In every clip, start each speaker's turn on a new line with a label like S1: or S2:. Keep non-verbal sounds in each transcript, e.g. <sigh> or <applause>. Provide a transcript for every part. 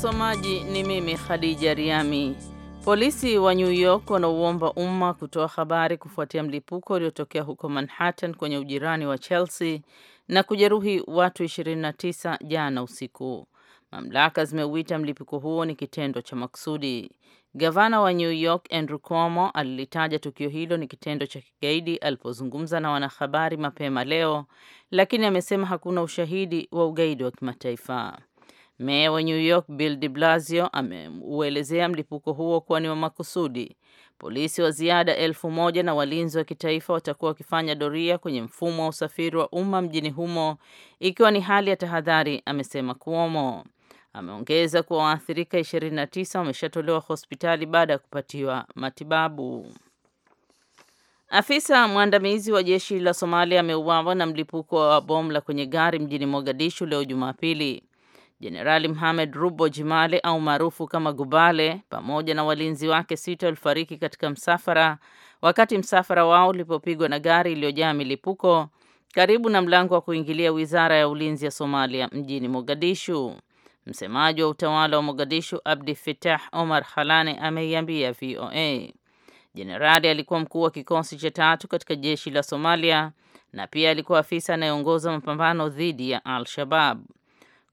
S1: Msomaji ni mimi Khadija Riami. Polisi wa New York wanauomba umma kutoa habari kufuatia mlipuko uliotokea huko Manhattan kwenye ujirani wa Chelsea na kujeruhi watu 29 jana usiku. Mamlaka zimeuita mlipuko huo ni kitendo cha makusudi. Gavana wa New York Andrew Cuomo alilitaja tukio hilo ni kitendo cha kigaidi alipozungumza na wanahabari mapema leo, lakini amesema hakuna ushahidi wa ugaidi wa kimataifa. Meya wa New York Bill de Blasio ameuelezea mlipuko huo kuwa ni wa makusudi. Polisi wa ziada elfu moja na walinzi wa kitaifa watakuwa wakifanya doria kwenye mfumo wa usafiri wa umma mjini humo ikiwa ni hali ya tahadhari, amesema Cuomo. Ameongeza kuwa waathirika 29 wameshatolewa hospitali baada ya kupatiwa matibabu. Afisa mwandamizi wa jeshi la Somalia ameuawa na mlipuko wa bomu la kwenye gari mjini Mogadishu leo Jumapili. Jenerali Mohamed Rubo Jimale au maarufu kama Gubale pamoja na walinzi wake sita walifariki katika msafara wakati msafara wao ulipopigwa na gari iliyojaa milipuko karibu na mlango wa kuingilia Wizara ya Ulinzi ya Somalia mjini Mogadishu. Msemaji wa utawala wa Mogadishu, Abdi fitah Omar Halane, ameiambia VOA. Jenerali alikuwa mkuu wa kikosi cha tatu katika jeshi la Somalia na pia alikuwa afisa anayeongoza mapambano dhidi ya Al-Shabab.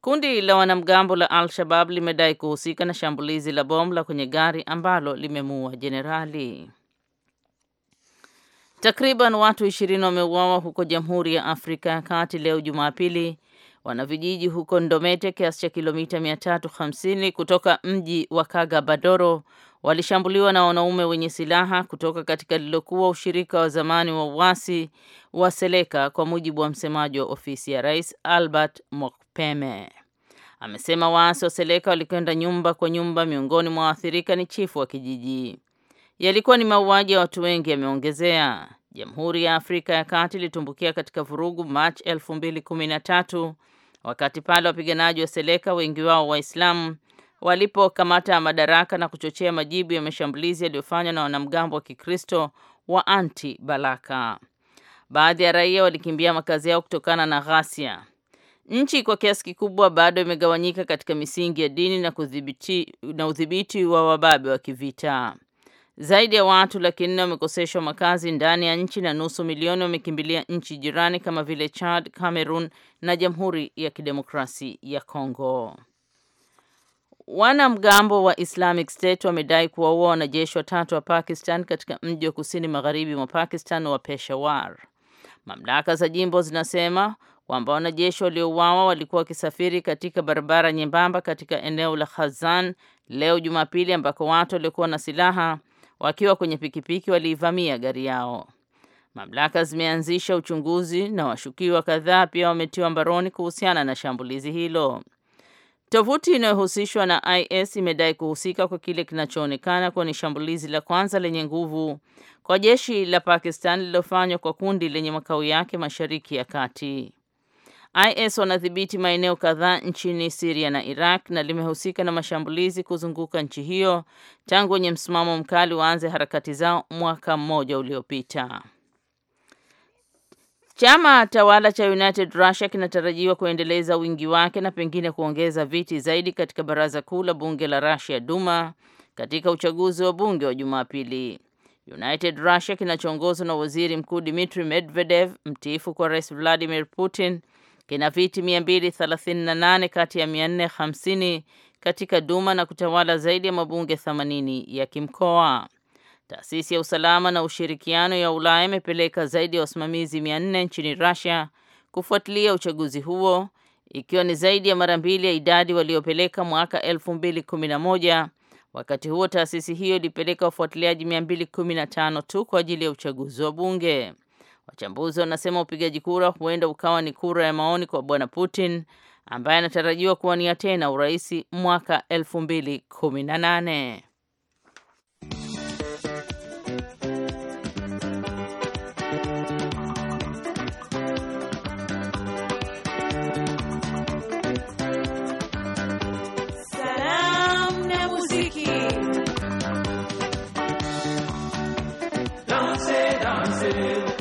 S1: Kundi la wanamgambo la Al-Shabab limedai kuhusika na shambulizi la bomu la kwenye gari ambalo limemuua jenerali. Takriban watu ishirini wameuawa huko Jamhuri ya Afrika ya Kati leo Jumapili, wanavijiji huko Ndomete, kiasi cha kilomita 350 kutoka mji wa Kagabadoro, walishambuliwa na wanaume wenye silaha kutoka katika lilokuwa ushirika wa zamani wa uasi wa Seleka, kwa mujibu wa msemaji wa ofisi ya Rais Albert Mok Mapeme. Amesema waasi wa Seleka walikwenda nyumba kwa nyumba, miongoni mwa waathirika ni chifu wa kijiji. Yalikuwa ni mauaji ya watu wengi, yameongezea. Jamhuri ya Afrika ya Kati ilitumbukia katika vurugu Machi 2013 wakati pale wapiganaji wa Seleka, wengi wao Waislamu, walipokamata madaraka na kuchochea majibu ya mashambulizi yaliyofanywa na wanamgambo wa Kikristo wa Anti Balaka. Baadhi ya raia walikimbia makazi yao kutokana na ghasia. Nchi kwa kiasi kikubwa bado imegawanyika katika misingi ya dini na kudhibiti na udhibiti wa wababe wa kivita. Zaidi ya watu laki nne wamekoseshwa makazi ndani ya nchi na nusu milioni wamekimbilia nchi jirani kama vile Chad, Cameroon na Jamhuri ya Kidemokrasi ya Kongo. Wanamgambo wa Islamic State wamedai kuwaua wanajeshi watatu wa Pakistan katika mji wa kusini magharibi mwa Pakistan wa Peshawar. Mamlaka za jimbo zinasema kwamba wanajeshi waliouawa walikuwa wakisafiri katika barabara nyembamba katika eneo la Khazan leo Jumapili, ambako watu waliokuwa na silaha wakiwa kwenye pikipiki waliivamia gari yao. Mamlaka zimeanzisha uchunguzi na washukiwa kadhaa pia wametiwa mbaroni kuhusiana na shambulizi hilo. Tovuti inayohusishwa na IS imedai kuhusika kwa kile kinachoonekana kuwa ni shambulizi la kwanza lenye nguvu kwa jeshi la Pakistan lililofanywa kwa kundi lenye makao yake Mashariki ya Kati. IS wanadhibiti maeneo kadhaa nchini Syria na Iraq na limehusika na mashambulizi kuzunguka nchi hiyo tangu wenye msimamo mkali waanze harakati zao mwaka mmoja uliopita. Chama tawala cha United Russia kinatarajiwa kuendeleza wingi wake na pengine kuongeza viti zaidi katika baraza kuu la bunge la Russia Duma katika uchaguzi wa bunge wa Jumapili. United Russia kinachoongozwa na Waziri Mkuu Dmitry Medvedev, mtiifu kwa Rais Vladimir Putin, kina viti 238 kati ya 450 katika Duma na kutawala zaidi ya mabunge 80 ya kimkoa. Taasisi ya usalama na ushirikiano ya Ulaya imepeleka zaidi ya wasimamizi 400 nchini Russia kufuatilia uchaguzi huo ikiwa ni zaidi ya mara mbili ya idadi waliopeleka mwaka 2011. Wakati huo taasisi hiyo ilipeleka wafuatiliaji 215 tu kwa ajili ya uchaguzi wa bunge. Wachambuzi wanasema upigaji kura huenda ukawa ni kura ya maoni kwa bwana Putin ambaye anatarajiwa kuwania tena urais mwaka 2018.
S2: Salam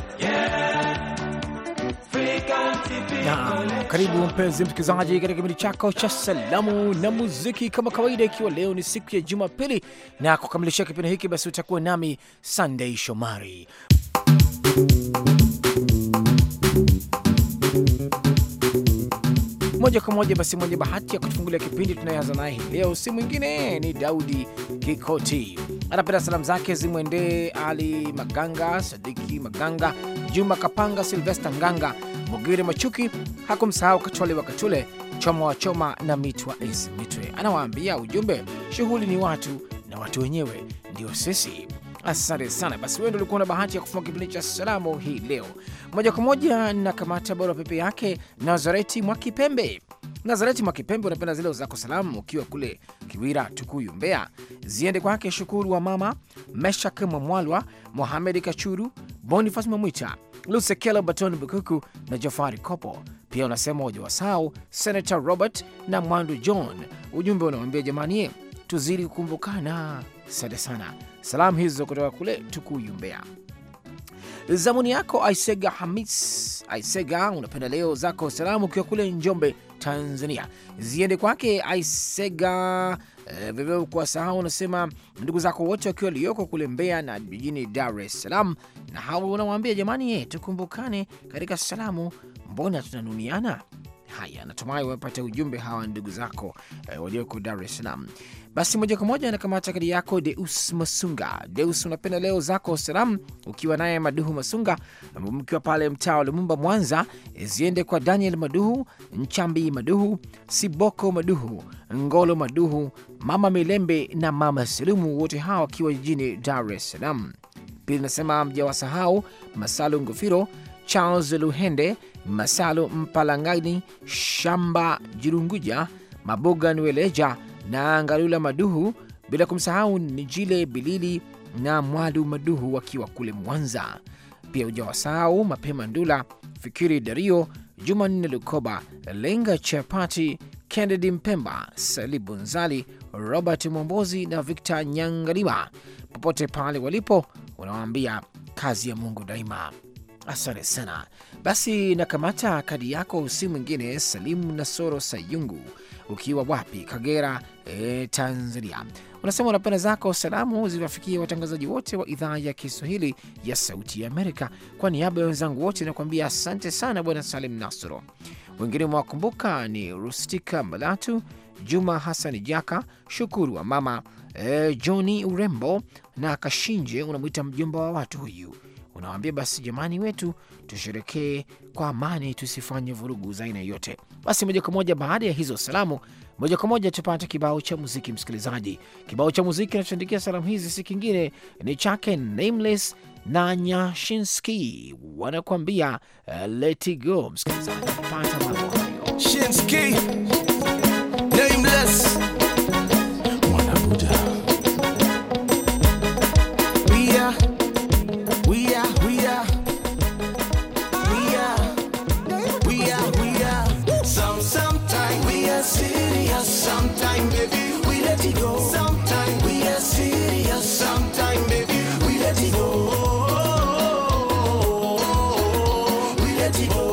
S2: Na karibu
S3: mpenzi msikilizaji, katika kipindi chako cha salamu na muziki, kama kawaida, ikiwa leo ni siku ya Jumapili na kukamilishia kipindi hiki, basi utakuwa nami Sunday Shomari. Moja kwa moja basi, mwenye bahati ya kutufungulia kipindi tunayeanza naye hii leo si mwingine ni Daudi Kikoti. Anapenda salamu zake zimwendee Ali Maganga, Sadiki Maganga, Juma Kapanga, Silvesta Nganga Mugire Machuki hakumsahau Katole wa Katule, Choma wa Choma na Mitwa Es Mitwe. Anawaambia ujumbe, shughuli ni watu na watu wenyewe ndio sisi. Asante sana. Basi wewe ndio ulikuwa na bahati ya kufunga kipindi cha salamu hii leo. Moja kwa moja na kamata barua pepe yake Nazareti Mwakipembe. Nazareti Mwakipembe, unapenda zile zako salamu ukiwa kule Kiwira, Tukuyu, Mbeya, ziende kwake Shukuru wa mama Meshak Mwamwalwa, Mohamed Kachuru, Bonifas Mamwita, Lusekelo Baton Bukuku na Jofari Kopo. Pia unasema wajawasau Senator Robert na Mwandu John. Ujumbe unawaambia jamani, tuzidi kukumbukana. sante sana. Salamu hizo kutoka kule Tukuyu, Mbeya. Zamuni yako Aisega Hamis Aisega, unapenda leo zako salamu ukiwa kule Njombe Tanzania ziende kwake Aisega e, vivyo kwa sahau unasema ndugu zako wote wakiwa walioko kule Mbeya na jijini Dar es Salaam, na hao unawaambia jamani, ye eh, tukumbukane katika salamu, mbona tunanuniana? Haya, natumai wamepata ujumbe hawa ndugu zako eh, walioko Dar es Salaam. Basi moja kwa moja nakamata kadi yako Deus Masunga. Deus, unapenda leo zako salamu ukiwa naye Maduhu Masunga, mkiwa pale mtaa wa Lumumba Mwanza, eh, ziende kwa Daniel Maduhu, Nchambi Maduhu, Siboko Maduhu, Ngolo Maduhu, Mama Milembe na Mama Selumu, wote hawa wakiwa jijini Dar es Salaam. Pili nasema mjawasahau Masalu Ngofiro Charles Luhende, Masalu Mpalangani, Shamba Jirunguja, Maboga Nweleja na Ngalula Maduhu, bila kumsahau Nijile Bilili na Mwalu Maduhu wakiwa kule Mwanza. Pia ujawasahau Mapema Ndula, Fikiri Dario, Jumanne Lukoba, Lenga Chapati, Kennedy Mpemba, Salibu Nzali, Robert Mwombozi na Victor Nyangalima. Popote pale walipo, unawaambia kazi ya Mungu daima. Asante sana. Basi nakamata kadi yako, si mwingine Salimu Nasoro Sayungu, ukiwa wapi? Kagera, e, Tanzania. Unasema unapenda zako salamu ziwafikie watangazaji wote wa idhaa ya Kiswahili ya Sauti ya Amerika. Kwa niaba ya wenzangu wote nakuambia asante sana, Bwana Salim Nasoro. Wengine mwawakumbuka ni Rustika Malatu, Juma Hasani Jaka, Shukuru wa Mama, e, Johni Urembo na Kashinje, unamwita mjomba wa watu huyu unawaambia basi, jamani wetu, tusherekee kwa amani, tusifanye vurugu za aina yoyote. Basi moja kwa moja baada ya hizo salamu, moja kwa moja tupate kibao cha muziki. Msikilizaji, kibao cha muziki kinachoandikia salamu hizi si kingine ni chake Nameless na Nyashinski, wanakuambia uh, let it go. Msikilizaji, pata
S2: mambo hayo. Nameless Sometime, baby, we let it go. Sometime we are serious. Sometime, baby, we let it go. We let it go.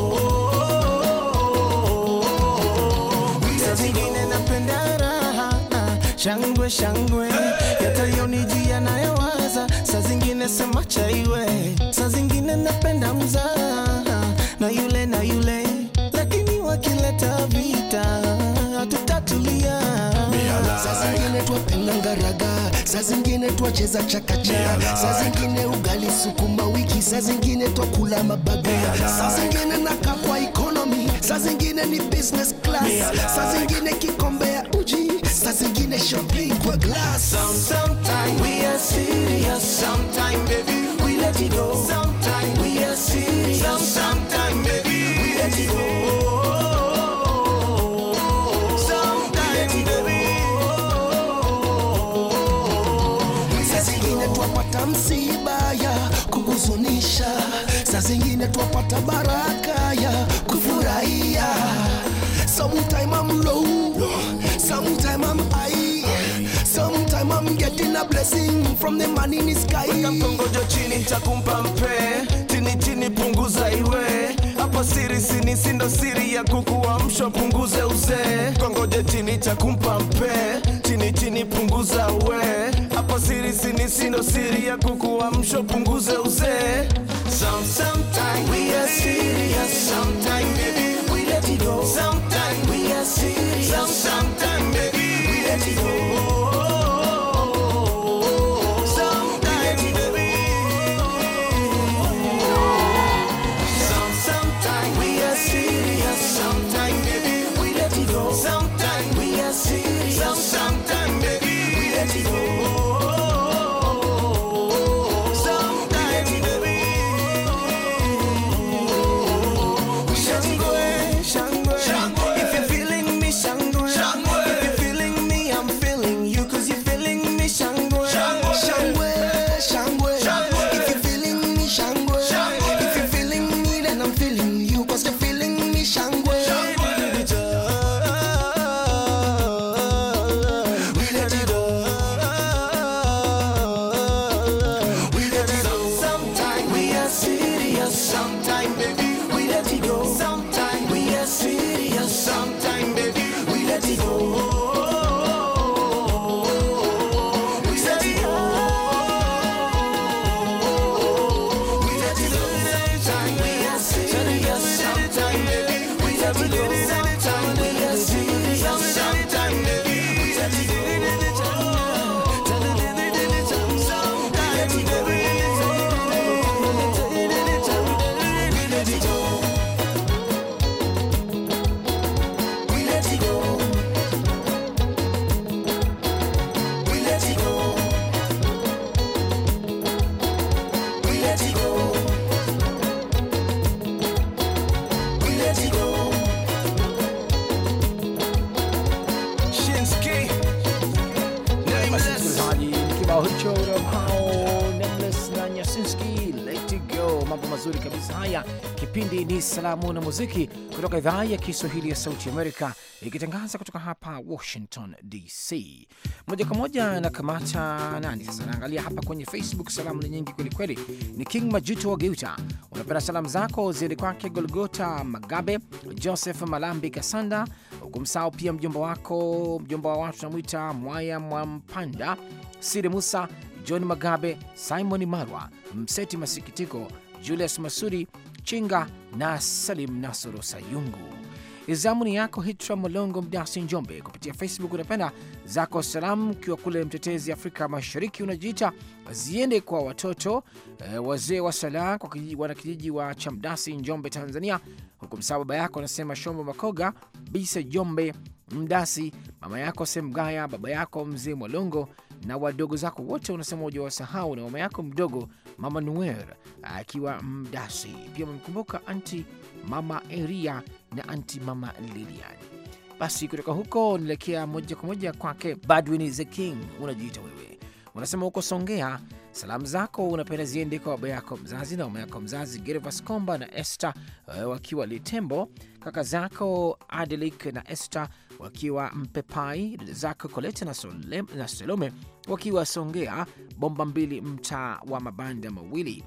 S2: Saa zingine napenda raha shangwe shangwe, yatayonijia nayawaza. Saa zingine sema chaiwe, saa zingine napenda mzaha na yule raga, saa zingine twacheza chakacha, saa zingine ugali sukuma wiki, saa zingine twakula mabaga, saa zingine naka kwa economy, saa zingine ni business class, saa zingine kikombe ya uji, saa zingine shopping kwa glass. Some, sometime we are serious, sometime baby we let it go, sometime we are serious, sometime baby we let it go. msiba ya kuhuzunisha, saa zingine twapata baraka ya kufurahia. Sometime I'm low, sometime I'm high, sometime I'm getting a blessing from the man in the sky. Weka mkongojo chini nitakumpa mpe, chini chini punguza iwe hapo siri sini sindo siri ya kukuamsha, punguze uzee, kongoje chini cha kumpa mpe, chini chini punguza uwe hapa siri sini sindo siri ya kukuamsha punguze uzee Sometimes we are serious. Sometimes
S3: filamu na muziki kutoka idhaa ya Kiswahili ya Sauti Amerika, ikitangaza kutoka hapa Washington DC moja kwa moja. Na kamata nani sasa, naangalia hapa kwenye Facebook, salamu ni nyingi kwelikweli. Ni King Majuto wa Geuta, unapenda salamu zako ziende kwake Golgota Magabe, Joseph Malambi Kasanda, hukumsahau pia mjomba wako, mjomba wa watu namwita Mwaya Mwampanda, Siri Musa, John Magabe, Simon Marwa, Mseti Masikitiko, Julius Masuri Chinga na Salim Nasoro Sayungu. Zamuni yako Hitra Malongo Mdasi Njombe kupitia Facebook unapenda zako salamu, ukiwa kule Mtetezi Afrika Mashariki unajiita ziende kwa watoto e, wazee wa sala kwa kijiji wa Chamdasi Njombe Tanzania, huku msaa baba yako anasema Shombo Makoga Bise Njombe Mdasi, mama yako Semgaya, baba yako Mzee Mwalongo na wadogo zako wote unasema uja na mama yako mdogo Mama Nuer akiwa Mdasi. Pia amemkumbuka anti Mama Eria na anti Mama Lilian. Basi kutoka huko naelekea moja kwa moja kwake Badwin the King. Unajiita wewe, unasema huko Songea, salamu zako unapenda ziende kwa baba yako mzazi na mama yako mzazi Gervas Komba na Esther eh, wakiwa Litembo, kaka zako Adelik na Esther wakiwa Mpepai, dada zako Koleta na, na Selome wakiwa Songea, bomba mbili, mtaa wa mabanda mawili.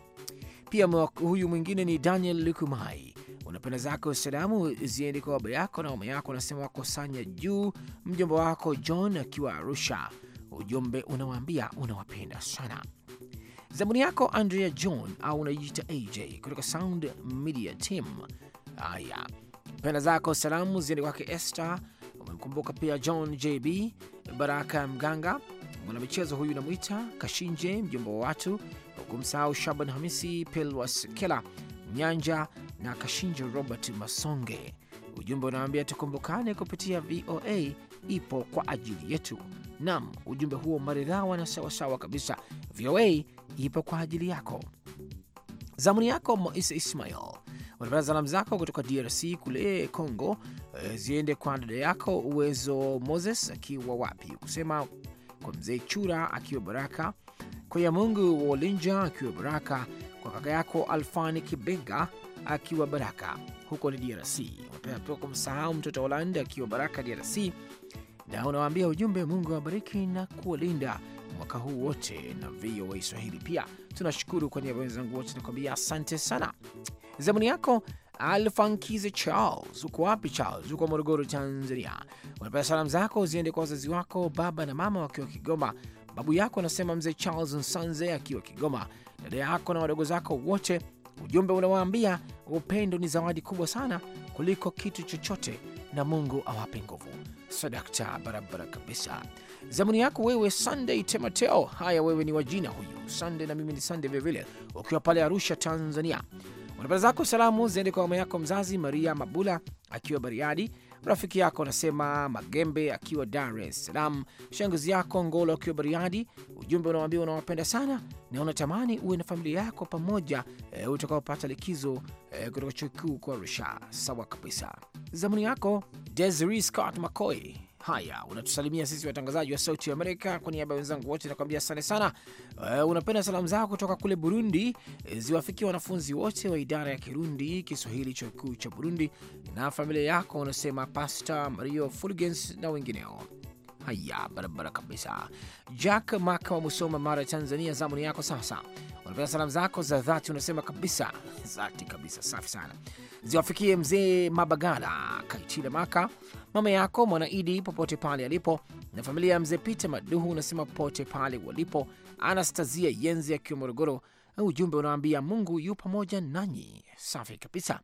S3: Pia huyu mwingine ni Daniel Lukumai, unapenda zako salamu ziende kwa baba yako na mama yako, anasema wako Sanya Juu, mjomba wako John akiwa Arusha. Ujumbe unawaambia unawapenda sana. Zabuni yako Andrea John au unajiita AJ kutoka Sound Media Team. Aya, penda zako salamu ziende kwake Esther Umemkumbuka pia John JB Baraka Mganga, mwanamichezo huyu namwita Kashinje, mjomba wa watu, msahau Shaban Hamisi Pelwas Kela Nyanja na Kashinje Robert Masonge. Ujumbe unaambia tukumbukane kupitia VOA ipo kwa ajili yetu. Nam, ujumbe huo maridhawa na sawasawa kabisa. VOA ipo kwa ajili yako. Zamuni yako Moise Ismail Unapata salamu zako kutoka DRC kule Congo eh, ziende kwa dada yako Uwezo Moses akiwa wapi, kusema kwa mzee Chura akiwa Baraka, kwa ya Mungu wa Olinja akiwa Baraka, kwa kaka yako Alfani Kibega akiwa Baraka huko ni DRC. Unapea pia kumsahau mtoto wa akiwa Baraka DRC, na unawaambia ujumbe, Mungu awabariki na kuwalinda mwaka huu wote. Na VOA Swahili pia tunashukuru kwa niaba wenzangu wote, nakwambia asante sana. Zamuni yako Alfankize Charles, uko wapi Charles? Uko Morogoro, Tanzania. Unapea salamu zako ziende kwa wazazi wako, baba na mama wakiwa Kigoma, babu yako anasema mzee Charles Nsanze akiwa Kigoma, dada yako na wadogo zako wote. Ujumbe unawaambia upendo ni zawadi kubwa sana kuliko kitu chochote, na Mungu awape nguvu. Sadakta barabara kabisa. Zamuni yako wewe Sunday Temateo. Haya, wewe ni wajina huyu Sunday na mimi ni Sunday vilevile, ukiwa pale Arusha, Tanzania. Barabara zako salamu ziende kwa mama yako mzazi Maria Mabula akiwa Bariadi, rafiki yako anasema Magembe akiwa Dar es Salaam, shangazi yako Ngolo akiwa Bariadi. Ujumbe unawambia unawapenda sana na unatamani uwe na familia yako pamoja e, utakaopata likizo e, kutoka chuo kikuu kwa Arusha. Sawa kabisa. Zamuni yako Desiree Scott macoy Haya, unatusalimia sisi watangazaji wa Sauti ya Amerika. Kwa niaba ya wenzangu wote nakwambia asante sana. Uh, unapenda salamu zako kutoka kule Burundi eh, ziwafikia wanafunzi wote wa idara ya Kirundi Kiswahili chuo kikuu cha Burundi na familia yako, unasema Pasta Mario Fulgens na wengineo. Haya, barabara kabisa. Jack Maka wa Musoma, Mara, Tanzania, zamuni yako sasa unapata salamu zako za dhati, unasema kabisa dhati kabisa, safi sana, ziwafikie mzee Mabagala Kaitile Maka, mama yako Mwanaidi popote pale alipo, na familia ya mzee Peter Maduhu, unasema popote pale walipo. Anastazia Yenzi akiwa Morogoro, ujumbe unaambia Mungu yu pamoja nanyi. Safi kabisa.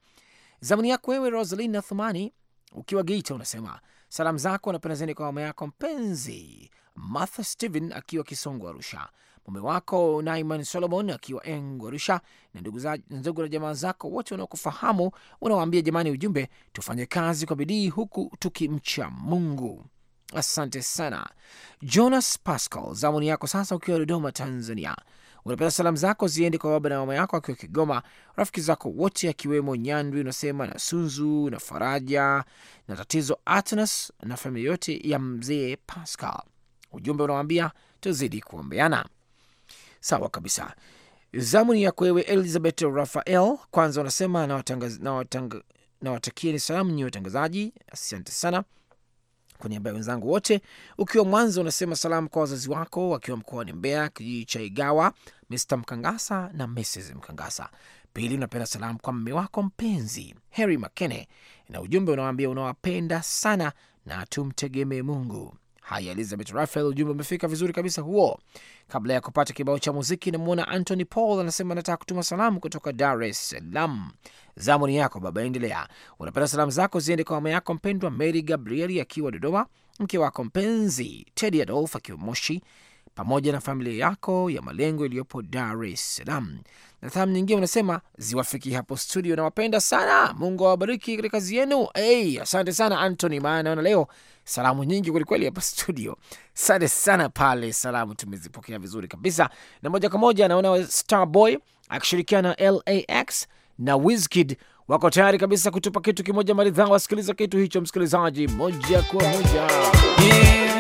S3: Zamani yako wewe Rosalin na Thumani ukiwa Geita, unasema salamu zako napenda zeni kwa mama yako mpenzi Martha Steven akiwa Kisongo Arusha mume wako Naiman Solomon akiwa Engwarusha na ndugu na jamaa zako wote wanaokufahamu, unawaambia jamani, ujumbe tufanye kazi kwa bidii huku tukimcha Mungu. Asante sana Jonas Pascal, zamuni yako sasa, ukiwa Dodoma, Tanzania. Unapenda salamu zako ziende kwa baba na mama yako akiwa Kigoma, rafiki zako wote akiwemo Nyandwi unasema na Sunzu na Faraja na Tatizo Atnas na familia yote ya mzee Pascal. Ujumbe unawaambia tuzidi kuombeana. Sawa kabisa, zamuni ya kwewe Elizabeth Rafael. Kwanza wanasema nawatakieni na salamu nyiwe watangazaji, asante sana kwa niaba ya wenzangu wote. Ukiwa Mwanza unasema salamu kwa wazazi wako wakiwa mkoani Mbeya, kijiji cha Igawa, Mr Mkangasa na Mrs Mkangasa. Pili, unapenda salamu kwa mme wako mpenzi Harry Makene, na ujumbe unawaambia unawapenda sana na tumtegemee Mungu. Haya, Elizabeth Rafael, ujumbe umefika vizuri kabisa huo. Kabla ya kupata kibao cha muziki, namwona Anthony Paul anasema anataka kutuma salamu kutoka Dar es Salaam. ni yako baba, endelea. Unapenda salamu zako ziende kwa mama yako mpendwa Mary Gabrieli akiwa Dodoma, mke wako mpenzi Tedi Adolf akiwa Moshi, pamoja na familia yako ya malengo iliyopo Dar es Salaam. Na thamu nyingine unasema ziwafiki hapo studio, nawapenda sana, Mungu awabariki katika kazi yenu. Hey, asante sana Anthony, maana naona leo salamu nyingi kwelikweli hapa studio. Asante sana pale, salamu tumezipokea vizuri kabisa. Na moja kwa moja naona Starboy akishirikiana na LAX na Wizkid wako tayari kabisa kutupa kitu kimoja maridhaa. Wasikiliza kitu hicho, msikilizaji, moja kwa moja yeah.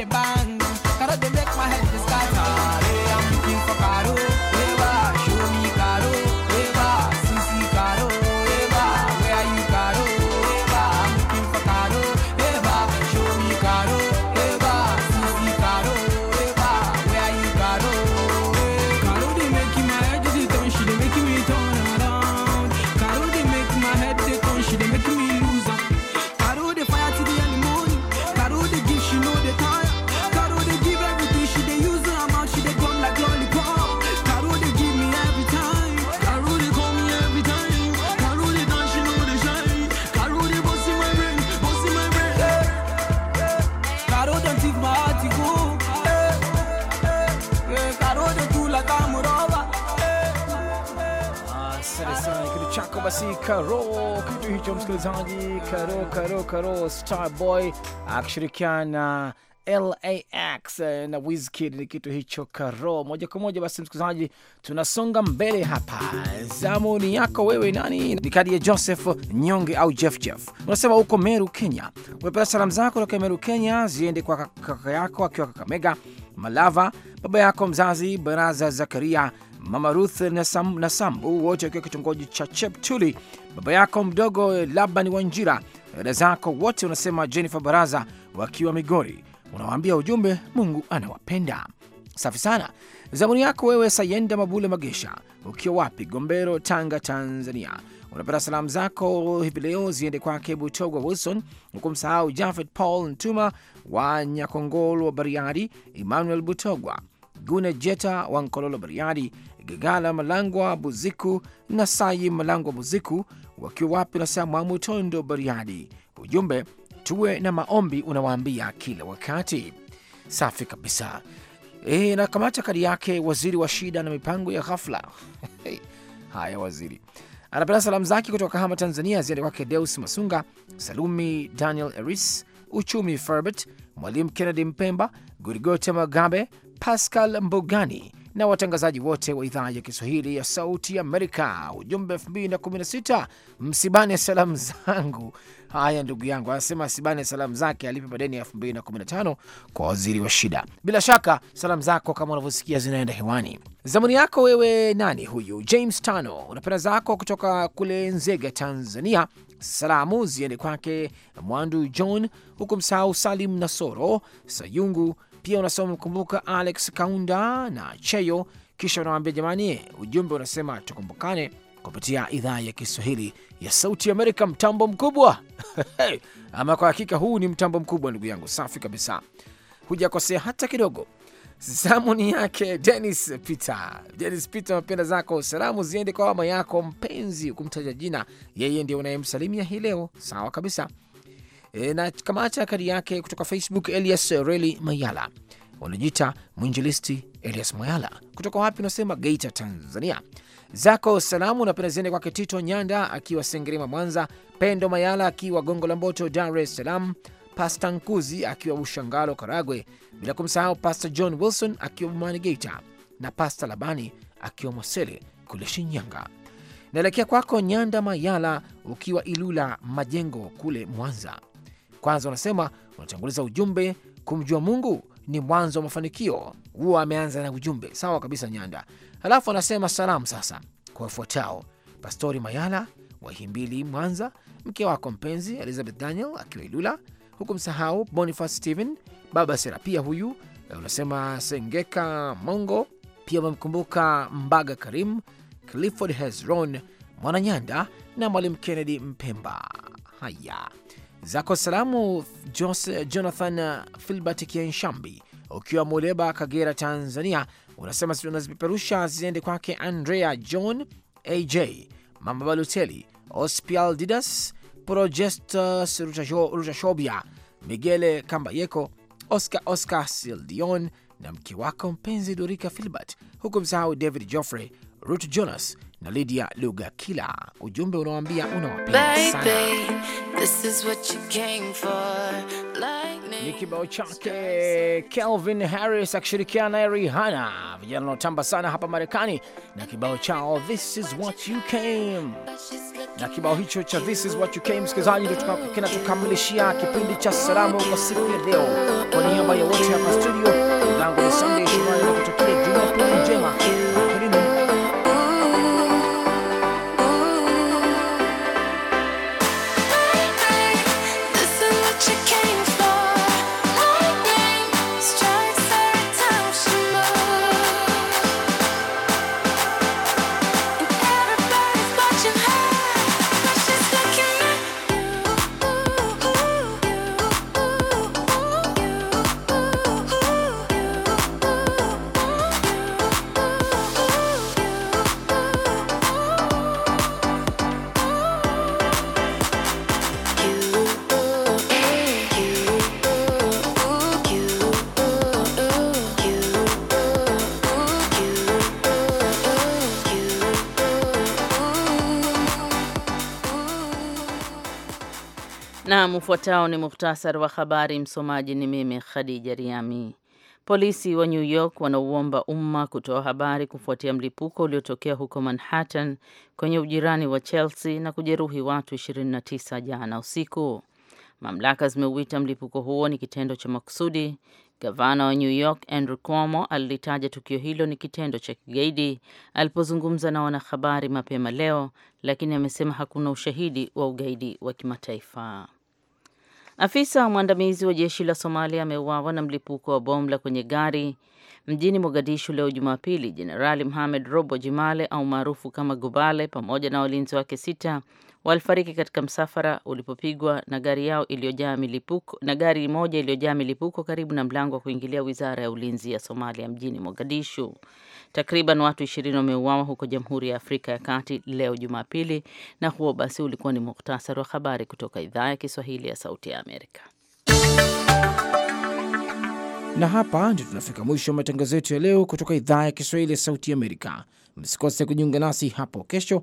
S3: the band. msikilizaji, karo karo karo Starboy akishirikiana na LAX eh, na Wizkid ni kitu hicho karo moja kwa moja. Basi msikilizaji, tunasonga mbele hapa, zamu ni yako wewe. Nani ni kadi ya Joseph Nyonge au Jeff Jeff, unasema huko Meru, Kenya. Umepata salamu zako toka Meru, Kenya ziende kwa kaka yako akiwa Kakamega Malava, baba yako mzazi Baraza Zakaria Mama Ruth na, Sam, na Sambu wote wakiwa kitongoji cha Cheptuli, baba yako mdogo Laban Wanjira, dada zako wote unasema Jennifer Baraza wakiwa Migori, unawaambia ujumbe, Mungu anawapenda. Safi sana. Zamuni yako wewe Sayenda Mabule Magesha, ukiwa wapi? Gombero, Tanga, Tanzania. unapata salamu zako hivi leo ziende kwake Butogwa Wilson, huku msahau Jafet Paul Ntuma wa Nyakongolo wa Bariadi, Emmanuel Butogwa Gune Jeta wa Nkololo Bariadi, Gigala Malangwa Buziku na Sayi Malangwa Buziku wakiwa wapi na Samwa Mutondo, Bariadi. Ujumbe, tuwe na maombi, unawaambia kila wakati. Safi kabisa. E, na kamata kadi yake waziri wa shida na mipango ya ghafla haya, waziri anapenda salamu zake kutoka Kahama, Tanzania, ziende kwake Deus Masunga, Salumi Daniel Eris, Uchumi Ferbert, Mwalimu Kennedy Mpemba, Gurigote Magabe, Pascal Mbogani, na watangazaji wote wa idhaa ya Kiswahili ya Sauti Amerika. Ujumbe 2016 msibane salamu zangu. Haya, ndugu yangu anasema asibane salamu zake, alipe madeni ya 2015 kwa waziri wa shida. Bila shaka salamu zako kama unavyosikia zinaenda hewani. Zamani yako wewe, nani huyu? James Tano, unapenda zako kutoka kule Nzega, Tanzania. Salamu ziende kwake Mwandu John, huku msahau Salim Nasoro Sayungu pia unasoma mkumbuka Alex Kaunda na Cheyo, kisha unawambia jamani, ujumbe unasema tukumbukane kupitia idhaa ya Kiswahili ya Sauti ya Amerika, mtambo mkubwa <laughs> ama kwa hakika huu ni mtambo mkubwa, ndugu yangu. Safi kabisa, hujakosea hata kidogo. Samuni yake Denis Peter. Denis Peter, mapenda zako salamu ziende kwa mama yako mpenzi, kumtaja jina, yeye ndiye unayemsalimia hii leo. Sawa kabisa e, na kamata kadi yake kutoka Facebook Elias Reli Mayala, wanajiita mwinjilisti Elias Mayala kutoka wapi? Unasema Geita, Tanzania. Zako salamu napenda ziende kwake Tito Nyanda akiwa Sengerema Mwanza, Pendo Mayala akiwa Gongo la Mboto Dar es Salaam, Pasta Nkuzi akiwa Ushangalo Karagwe, bila kumsahau Pasta John Wilson akiwa Bumani Geita na Pasta Labani akiwa Mwasele kule Shinyanga. Naelekea kwako Nyanda Mayala ukiwa Ilula Majengo kule Mwanza kwanza unasema unatanguliza ujumbe, kumjua Mungu ni mwanzo wa mafanikio. Huo ameanza na ujumbe, sawa kabisa Nyanda. Halafu anasema salamu sasa kwa wafuatao: Pastori Mayala wa Himbili, Mwanza, mke wako mpenzi Elizabeth Daniel akiwa Ilula, huku msahau Boniface Stephen, baba Serapia huyu unasema Sengeka Mongo, pia wamemkumbuka Mbaga Karim, Clifford Hezron Mwananyanda na Mwalimu Kennedy Mpemba. Haya, zako salamu Jonathan uh, Filbert Kienshambi ukiwa Muleba, Kagera, Tanzania, unasema unazipeperusha ziende kwake Andrea John, AJ Mama Baluteli, Ospial Didas, Progestus Rutashobia, Migele Kambayeko, Oscar Oscar Sildion na mke wako mpenzi Dorika Filbert, huku msahau David Joffrey, rut Jonas na Lydia Lugha Kila. Ujumbe unaoambia unawapendani kibao chake Kelvin Harris akishirikiana naye Rihanna, vijana wanaotamba sana hapa Marekani na kibao chao This is what you came. Na kibao hicho cha This is what you came, msikilizaji, kinatukamilishia kipindi cha salamu kwa siku ya leo.
S1: Naam, ufuatao ni muhtasari wa habari. Msomaji ni mimi Khadija Riami. Polisi wa New York wanauomba umma kutoa habari kufuatia mlipuko uliotokea huko Manhattan kwenye ujirani wa Chelsea na kujeruhi watu 29 jana usiku. Mamlaka zimeuita mlipuko huo ni kitendo cha makusudi. Gavana wa New York Andrew Cuomo alilitaja tukio hilo ni kitendo cha kigaidi alipozungumza na wanahabari mapema leo, lakini amesema hakuna ushahidi wa ugaidi wa kimataifa. Afisa mwandamizi wa jeshi la Somalia ameuawa na mlipuko wa bomu la kwenye gari mjini Mogadishu leo Jumapili. Jenerali Mohamed Robo Jimale au maarufu kama Gubale pamoja na walinzi wake sita walifariki katika msafara ulipopigwa na gari yao iliyojaa milipuko na gari moja iliyojaa milipuko karibu na mlango wa kuingilia wizara ya ulinzi ya Somalia mjini Mogadishu. Takriban watu ishirini wameuawa huko Jamhuri ya Afrika ya Kati leo Jumapili, na huo basi ulikuwa ni muhtasari wa habari kutoka idhaa ya Kiswahili ya Sauti ya Amerika.
S3: Na hapa ndio tunafika mwisho wa matangazo yetu ya leo kutoka idhaa ya Kiswahili ya Sauti ya Amerika. Msikose kujiunga nasi hapo kesho